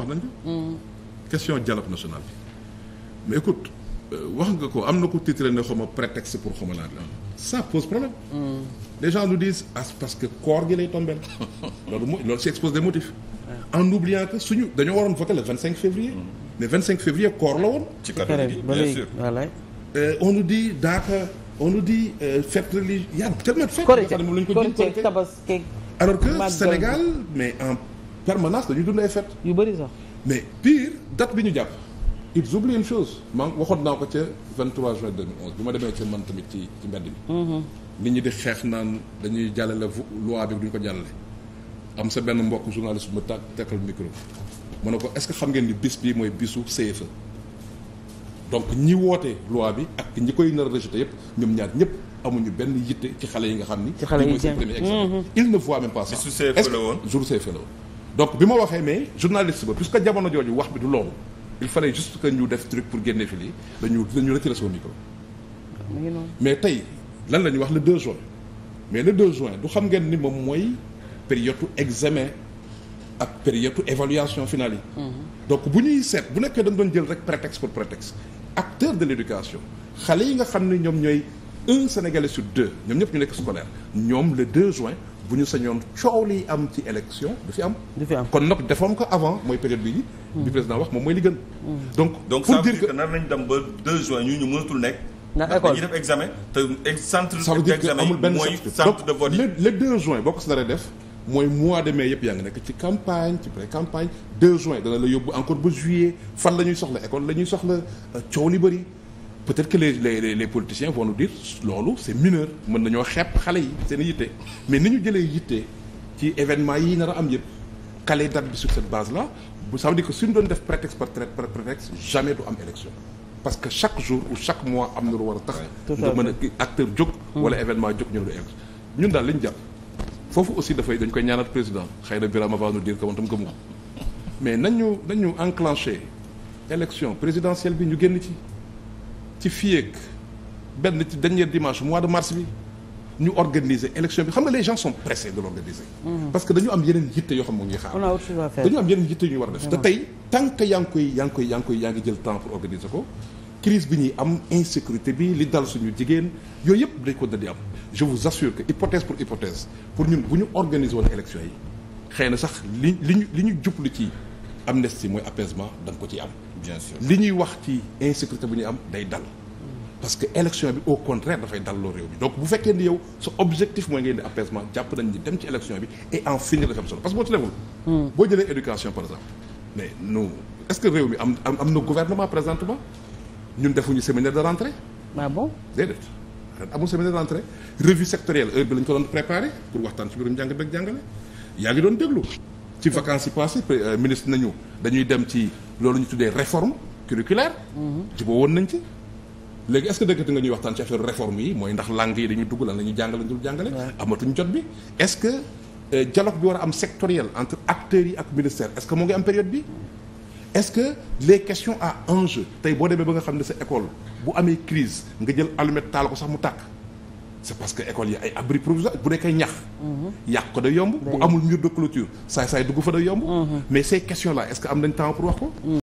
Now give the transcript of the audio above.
wax nañ ko. Mm. question dialogue national bi mais écoute euh, wax nga ko am na ko titré ne xawma prétexte pour xawma laa la ça pose problème. Mm. les gens nous disent ah parce que koor gi lay tombeel loolu mooy loolu si expose des motifs. en oubliant que suñu dañoo waroon voter le février. Mm. mais février koor la woon. ci période bi bien sûr euh, on nous dit daaka on nous dit euh, fête religieuse y a tellement de fêtes. Korité Korité Tabaski alors que Sénégal mais permanence dañuy dund ay fête yu bëri sax mais pire date bi ñu jàpp ils oublient une chose man waxoon naa ko ca 23 juin 2011 bi ma demee ca man tamit ci ci mbedd bi mhm. nit ñi di xeex naan dañuy jàllale loi bi duñ ko jàllale am sa benn mbokk journaliste ma tàkk tekkal micro mu ne ko est-ce que xam ngeen ni bis bii mooy bisu CFE donc ñi woote loi bi ak ñi koy nar a rejeté yëpp ñoom ñaar ñëpp amuñu benn yitte ci xale yi nga xam ni. ci xale yi mooy seen premier exemple. Mhm. ils ne voient e woon jour CFE la donc bi ma waxee mais journaliste ba que jamono jooju wax bi du loolu il fallait juste que ñu def truc pour génne fii dañu dañu retirer son micro. Ah, mais tey lan la ñuy wax le deux juin. mais le 2 juin du xam ngeen ni moom mooy période examen ak période évaluation finale yi. Mhm. donc bu ñuy seet bu nekkee dañ doon jël rek prétexte pour prétexte. acteur de l'éducation xale yi nga xam ne ñoom ñooy un sénégalais sur deux ñoom ñëpp ñu nekk scolaire ñoom le 2 juin. bu ñu sañoon coow li am ci élection du fi am. du fi am kon nag defoom ko avant mooy période bii. Mm. bi président wax moom mooy li gën. Mm. donc donc pour dire que nar nañ dem ba 2 juin ñu ñu mënatul nekk. ndax école dañuy def examen te centre. d'examen mooy centre de vote yi donc le 2 juin boo ko si def. mooy mois de mai yëpp yaa ngi nekk ci campagne ci pré campagne 2 juin dana la yóbbu encore ba juillet fan la ñuy soxla école la ñuy soxla euh, coow li bëri. peut-être que les les les politiciens vont nous dire loolu c'est mineur mën nañoo xepp xale yi seen yitte mais ni ñu jëlee yitte ci événement yi nar a am yëpp calé date bi sur cette base là ça veut dire que suñu doon def prétexte par prétexte jamais du am élection parce que chaque jour ou chaque mois am na lu war a tax nga mën a acteur jóg hmm. wala événement jóg ñu lu élection ñun daal li ñu jàpp foofu aussi dafay dañ koy ñaanal président xëy na Birame va nous dire que moom tam gëmu ko mais nañu nañu enclenché élection présidentielle bi ñu génn ci ci fii ak benn ci dernier dimanche mois de mars bi ñu organiser élection bi xam nga les gens sont de l'organiser mm-hmm. parce que dañu am yeneen yitte yoo xam moom xaar dañu am yeneen yitte ñu war a def te tey tant que yaa ngi koy yaa ngi koy yaa ngi koy jël temps pour organiser ko crise bi ñuy am insécurité bi li dal suñu jigéen yooyu yëpp dañ ko da di am je vous assure que hypothèse pour hypothèse pour ñun bu ñu organiser woon élection yi xëy na sax li li ñu li ñu jublu ci amnistie mooy apaisement da ko ci am. li ñuy wax ci insécurité bu ñuy am day dal. parce que élection bi au contraire dafay dalloo réew mi donc bu fekkee ni yow sa objectif mooy ngay indi apaisement jàpp nañ ni dem ci élection bi et en finir dafa am solo parce que boo ci deful. Hmm. boo jëlee éducation par exemple. mais non est-ce que réew mi am am na gouvernement présentement ñun defuñu séminaire de rentrée. ah bon déedéet amul séminaire de rentrée revue sectorielle lañ ko doon préparé pour waxtaan ci biirum jàng beeg jàngale yaa ngi doon déglu. ci vacances yi passées euh, ministre nañu dañuy dem ci loolu ñu tuddee réforme curriculaire mhm. jubóo woon nañ ci léegi est-ce que dëggati nga ñuy waxtaan ci affaire réforme yi mooy ndax langue yi dañuy dugg lan la ñuy jàngale dul amatuñ jot bi est-ce que euh, dialogue bi war a am sectoriel entre acteurs yi ak ministère est-ce que moo ngi am période bi est-ce que les questions à enjeu tey boo demee ba nga xam ne sa école bu amee crise nga jël allumette taal ko sax mu tàkk c'est parce que école yi ay abri provisoire bu nekkee ñax. Mhm. yàq ko day yomb. bu amul mur de clôture saay saay dugg fa day yomb. Mhm. mais ces questions là est-ce que am nañ temps pour wax ko. Mhm.